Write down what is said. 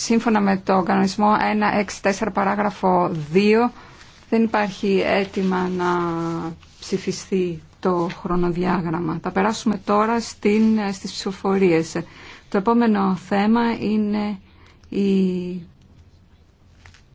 σύμφωνα με το κανονισμό 164 παράγραφο 2 δεν υπάρχει αίτημα να ψηφιστεί το χρονοδιάγραμμα. Θα περάσουμε τώρα στην, ε, στις ψηφοφορίες. Το επόμενο θέμα είναι η